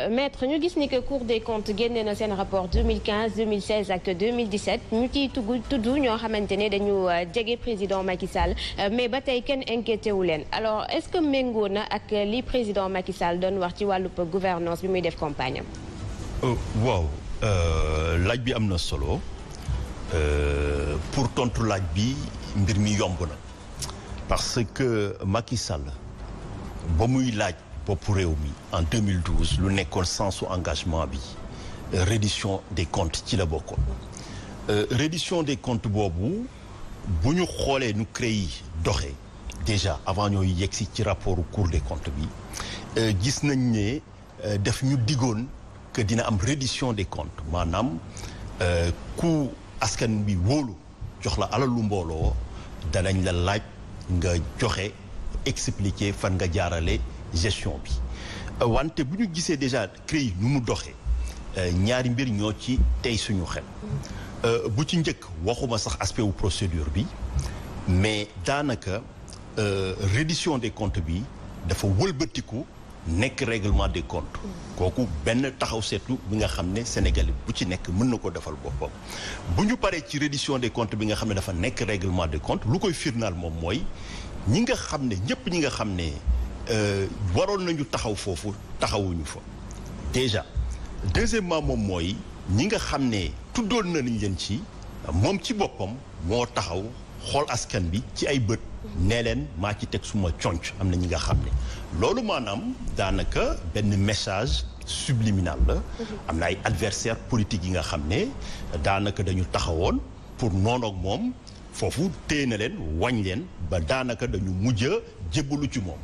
Euh, maître ñu gis ni que cour des comptes génne na seen rapport 2015 2016 ak 2017 ñu ciy tugg tudd ñoo xamante ne dañu euh, jege président Macky Sall euh, mais ba tey kenn inquiété wu leen alors est-ce que méngoo na ak li président Macky Sall doon wax ci wàllub gouvernance bi muy def campagne am. waaw laaj bi am na solo pour tontu laaj bi mbir mi yomb na parce que Macky ba muy laaj. boppu réew mi en 2012 lu nekkoon sensu engagement bi euh, reddition des comptes ci la bokkoon euh, reddition des comptes boobu bu ñu xoolee nu CREI doxe déjà avant ñooy si ci rapport Cour des comptes bi euh, gis nañ ne def ñu diggoon que dina am reddition des comptes maanaam ku askan bi wóolu jox la alalu mbooloo danañ la laaj nga joxe expliquer fan nga jaarale gestion bi euh, wante bu ñu gisee déjà CREI nu mu doxee euh, ñaari mbir ñoo ci tey suñu xel euh, bu ci njëkk waxuma sax aspe wu procédure bi mais daanaka reddition de comptes bi dafa wëlbatiku nekk règlement de comptes kooku benn taxaw seetlu bi nga xam ne Sénégalais bu ci nekk mën na ko defal boppam bu ñu paree ci reddition de comptes bi nga xam ne dafa nekk réglement des comptes lu koy firnaal moom mooy ñi nga xam ne ñëpp ñi nga xam ne Euh, waroon nañu taxaw foofu taxawuñu fa déjà deuxièmement moom mooy ñi nga xam ne tuddoon na nañ leen ci moom ci boppam moo taxaw xool askan bi ci ay bët nee leen maa ci teg suma conc am na ñi nga xam ne loolu maanaam daanaka benn message subliminal la am na ay adversaires politiques yi nga xam ne daanaka dañu taxawoon pour noonu ak moom foofu téye na leen wañ leen ba daanaka dañu mujj a jébbalu ci moom.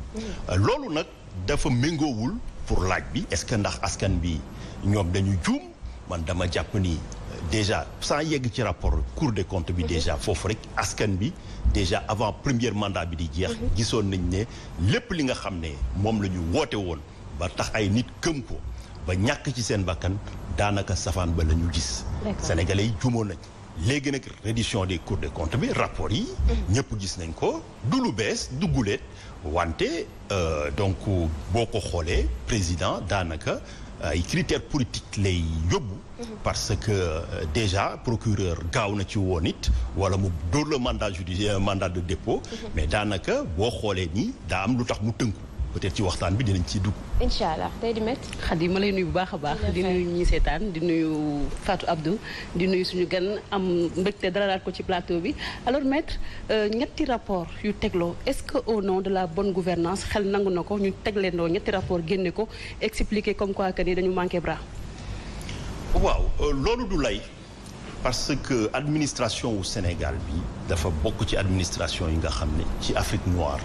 loolu nag dafa méngoowul pour laaj bi est-ce que ndax askan bi ñoom dañu juum man dama jàpp ni déjà san yegg ci rapport Cour de comptes bi déjà foofu rek askan bi déjà avant première mandat bi di jeex. Mhm. gisoon nañ ne lépp li nga xam ne moom la ñu woote woon ba tax ay nit gëm ko ba ñàkk ci seen bakkan daanaka safaan ba lañu gis. Sénégalais yi nañ. léegi nag reddition des cours de compte bi rapport yi ñëpp gis nañ ko du lu bees du guléet wante euh, donc boo ko xoolee président daanaka euh, ay critères politique lay yóbbu mhm. parce que euh, déjà procureur gaaw na ci woon it wala mu dóor la mandat judiciaire mandat de dépôt mhm. mais daanaka boo xoolee nii daa am lu tax mu tënku peut ci waxtaan bi dinañ ciy dugg. incha allah tey di met Xadi ma lay nuyu bu baax a baax. di nuyu ñi seetaan di faatu Fatou Abdou di nuyu suñu gan am mbégte dalalaat ko ci plateau bi alors maître euh, ñetti rapport yu tegloo est-ce que au nom de la bonne gouvernance xel nangu na ko ñu tegleendoo ñetti rapport génne ko expliquer comme quoi que ni dañu manqué bras. waaw euh, loolu du lay parce que administration wu Sénégal bi dafa bokk ci administration yi nga xam ne ci Afrique noire.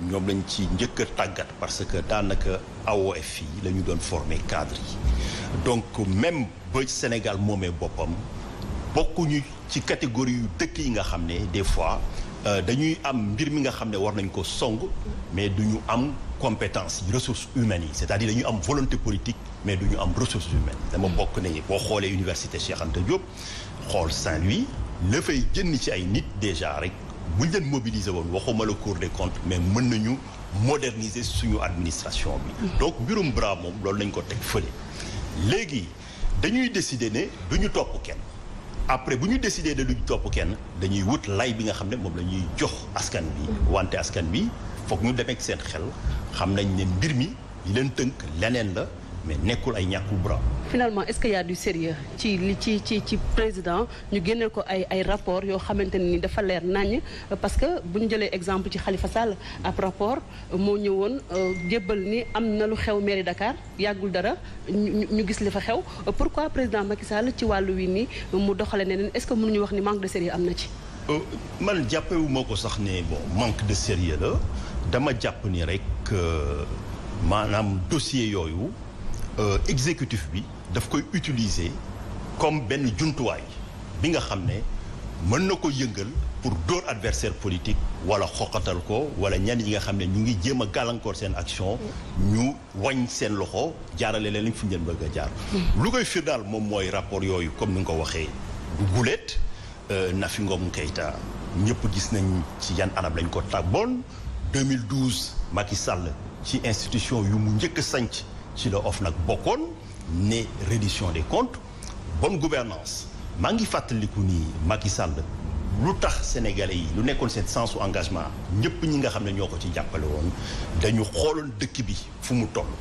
ñoom lañ ci njëkk tàggat parce que daanaka AOF yi la ñu doon former cadre yi donc même ba Sénégal moomee boppam bokkuñu ci catégorie yu dëkk yi nga xam ne des fois euh, dañuy am mbir mi nga xam ne war nañu ko song mais du ñu am compétence yi ressources humaines yi c'est-à-dire dañu am volonté politique mais du ñu am ressources humaines dama bokk nañu boo xoolee université Cheikh Anta xool Saint-Louis la fay jënn ci ay nit déjà rek bu ñu leen mobiliser woon waxuma la Cour des comptes mais mën nañu moderniser suñu administration bi. donc mbirum bras moom loolu lañ ko teg fële. léegi dañuy décider ne du ñu topp kenn après bu ñu décider ne du ñu topp kenn dañuy wut lay bi nga xam ne moom la ñuy jox askan bi. wante askan bi foog ñu demee seen xel xam nañ ne mbir mi li leen tënk leneen la. nekkul ay ñàkkul bras. finalement est-ce qu'il y du sérieux ci li ci ci ci président ñu génneel ko ay ay rapport yoo xamante ne ni dafa leer naññ parce que bu ñu jëlee exemple ci xalifa Sall ab rapport moo ñëwoon euh, jébbal ni am na lu xew mairie Dakar yàggul dara ñu gis li fa xew pourquoi président Macky Sall ci wàllu wi ni mu doxale neneen est-ce que ñu wax ni manque de sérieux am na ci. Euh, man jàppewu ko sax ne bon manque de sérieux la dama jàpp ni rek euh, maanaam dossier yooyu. Euh, executif bi daf koy utiliser comme benn jumtuwaay bi nga xam ne mën na ko yëngal pour dóor adversaire politique wala xoqatal ko wala ñenn yi nga xam ne ñu ngi jéem a gàllankoor seen action ñu wañ seen loxo jaarale leen fi ngeen bëgg a jaar hmm. lu koy firdaal moom mooy rapport yooyu comme ni nga ko waxee du guléet euh, Nafi Ngom Keïta ñëpp gis nañ ci yan anam lañ ko tàbboon 2012 Macky Sall ci institution yu mu njëkk sanc ci la nag bokkoon ne reddition de comptes bonne gouvernance maa ngi fàttaliku ni Macky Sall lu tax sénégalais yi lu nekkoon seen su engagement ñëpp ñi nga xam ne ñoo ko ci jàppale woon dañu xooloon dëkk bi fu mu toll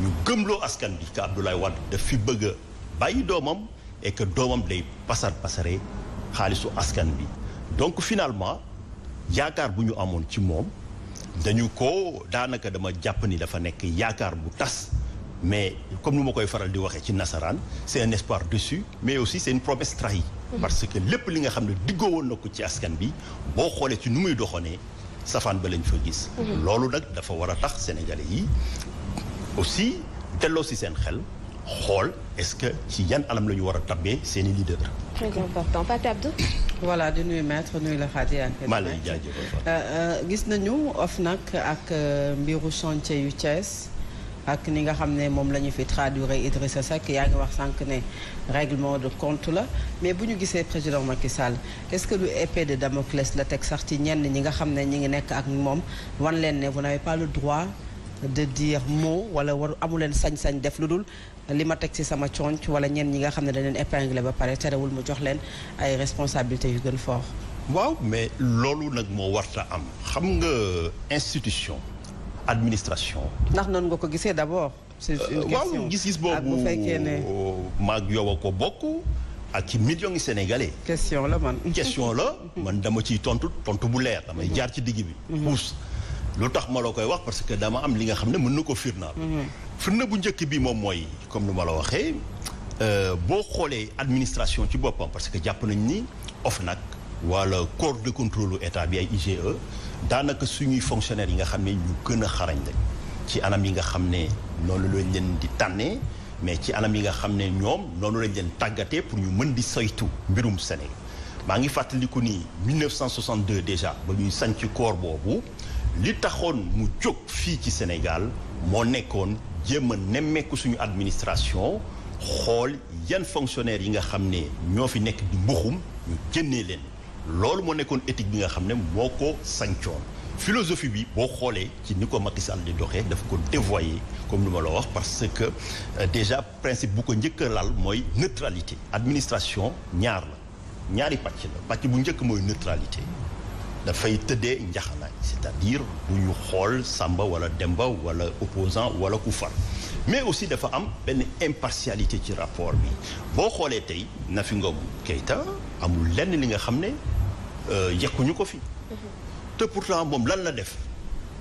ñu gëmloo askan bi que Abdoulaye Wade daf fi bëgg a bàyyi doomam et que doomam day pasar pasare xaalisu askan bi donc finalement yaakaar bu ñu amoon ci moom dañu ko daanaka dama jàpp ni dafa nekk yaakaar bu tas mais comme nu ma koy faral di waxee ci nasaraan c'est un espoir déçu mais aussi c'est une promesse trahie mhm. parce que lépp li nga xam ne diggoo woon na ko ci askan bi boo xoolee ci nu muy doxanee safaan ba lañ fa gis mhm. loolu nag dafa war a tax sénégalais yi aussi delloo si seen xel xool est-ce que ci yan alam la ñu war a tabbee seen i leader très important Fatou Abdou voilà la Khady maa lay jaajëfal euh, euh, gis nañu of nag ak euh, mbiru chantier yu ak ni nga xam ne moom la ñu fi traduire Idrissa Seck yaa ngi wax sànq ne règlement de compte la mais bu ñu gisee président Macky saal est-ce que lu épée de Damoclès la teg sax ci ñenn ñi nga xam ne ñi ngi nekk ak moom wan leen ne bu n'avez pas le droit de dire mot wala waru amuleen sañ-sañ def lu dul li ma teg ci sama conc wala ñenn ñi nga xam ne dañ leen épinglé ba pare terewul mu jox leen ay responsabilités yu gën fort waaw mais loolu nag moo warta am xam nga institution administration. ndax noonu nga ko gisee d'abord. waaw une euh, question waaw gis-gis boobu maag yow ko bokk ak ci millions yi question la man. question la man dama ciy tontu tontu bu leer damay jaar ci digg bi. Mhm. puus lu tax ma la koy wax parce que dama am li nga xam ne mën na ko firnaal. Mhm. firna bu njëkk bi moom mooy comme ni ma la waxee euh, boo xoolee administration ci boppam parce que jàpp nañ ni OFNAC wala corps de contrôle état bi ay IGE. daanaka suñuy fonctionnaires yi nga xam ne ñu gën a xarañ lañ ci anam yi nga xam ne noonu lañ leen di tànnee mais ci anam yi nga xam ne ñoom noonu lañ leen tàggatee pour ñu mën di saytu mbirum Sénégal maa ngi fàttaliku ni 1962 déjà ba ñuy sanc corps boobu li taxoon mu jóg fii ci Sénégal moo nekkoon jéem a nemmeeku suñu administration xool yan fonctionnaires yi nga xam ne ñoo fi nekk di mbuxum ñu génnee leen loolu moo nekkoon éthique bi nga xam ne moo ko sancoon philosophie bi boo xoolee ci ni ko Macky Sall di doxee dafa ko dévoyé comme lu ma la wax parce que euh, déjà principe bu ko njëkk a laal mooy neutralité administration ñaar la ñaari pàcc la pacc bu njëkk mooy neutralité dafay tëddee njaxanaay c'est-à-dire bu ñu xool Samba wala Demba wala opposant wala ku far mais aussi dafa am benn impartialité ci rapport bi boo xoolee tey Nafi Ngom Keïta amul lenn li nga xam ne Euh, yekkuñu ko fi. Mhm. te pourtant moom lan la def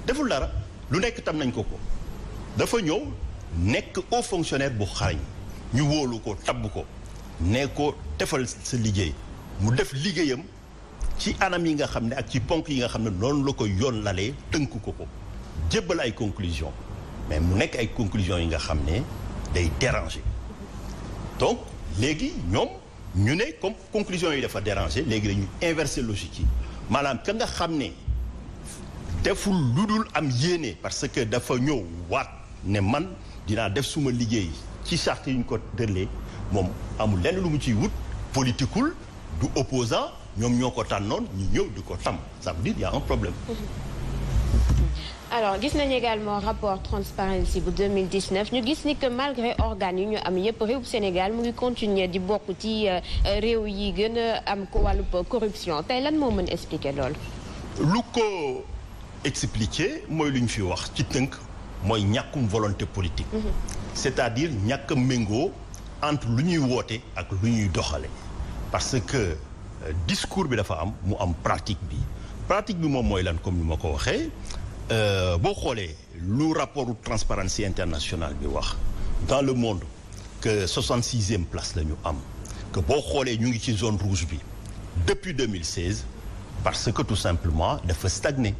deful dara lu nekk tam nañ ko ko dafa ñëw nekk au fonctionnaire bu xarañ ñu wóolu ko tabb ko ne ko defal sa liggéey mu def liggéeyam ci anam yi nga xam ne ak ci ponk yi nga xam ne noonu la ko yoon lalee tënk ko ko jébbal ay conclusion mais mu nekk ay conclusion yi nga xam ne day déranger mhm. donc léegi ñoom ñu ne comme conclusion yi dafa déranger léegi dañu inverser logique yi maanaam ka nga xam ne deful lu dul am yéene parce que dafa ñëw waat ne man dinaa def suma liggéey ci charte yi ñu ko dërlee moom amul lenn lu mu ciy wut politikul du opposant ñoom ñoo ko tànnoon ñu ñëw di ko tam ça veut dire y a un problème alors gis nañu également rapport Transparency bu 2019 ñu gis ni que malgré organes yi ñu am yëpp bu Sénégal mu ngi continuer di bokk ci euh, réew yi gën a am ko wàllub corruption tey lan moo mën expliquer loolu. lu ko expliquer mooy lu ñu fi wax ci tënk mooy ñàkkum volonté politique. Mhm. c'est-à-dire ñàkk a méngoo entre lu ñuy woote ak lu ñuy doxale parce que euh, discours bi dafa am mu am pratique bi. pratique bi moom mooy lan comme ni ma ko waxee euh, boo xoolee lu rapport Transparency International bi wax dans le monde que 66e place lañu am que boo xoolee ñu ngi ci zone rouge bi depuis 2016 parce que tout simplement dafa stagné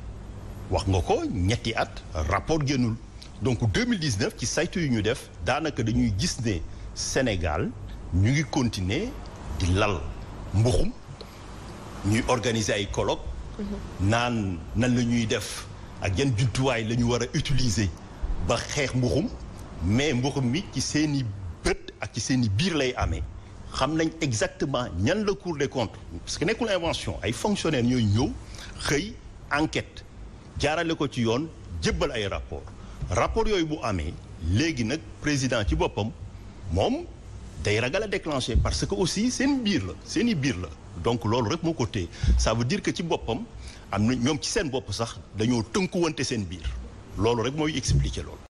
wax nga ko ñetti at rapport génnul donc 2019 ci saytu yu ñu def daanaka dañuy gis ne Sénégal ñu ngi continuer di lal mbuxum ñuy organiser ay colloques naan nan la ñuy def ak yan jumtuwaay la ñu war a utiliser ba xeex mbuxum mais mbuxum mi ci seen i bët ak ci seen i biir lay amee xam nañ exactement ñan la Cour des comptes parce que nekkul invention ay fonctionnaires ñooy ñëw xëy enquête jaarale ko ci yoon jébbal ay rapport rapport yooyu bu amee léegi nag président ci boppam moom day ragal a déclencher parce que aussi seen biir la seen i biir la donc loolu rek moo ko téye ça veut dire que ci boppam am na ñoom ci seen bopp sax dañoo tënkuwante seen biir loolu rek mooy expliquer lool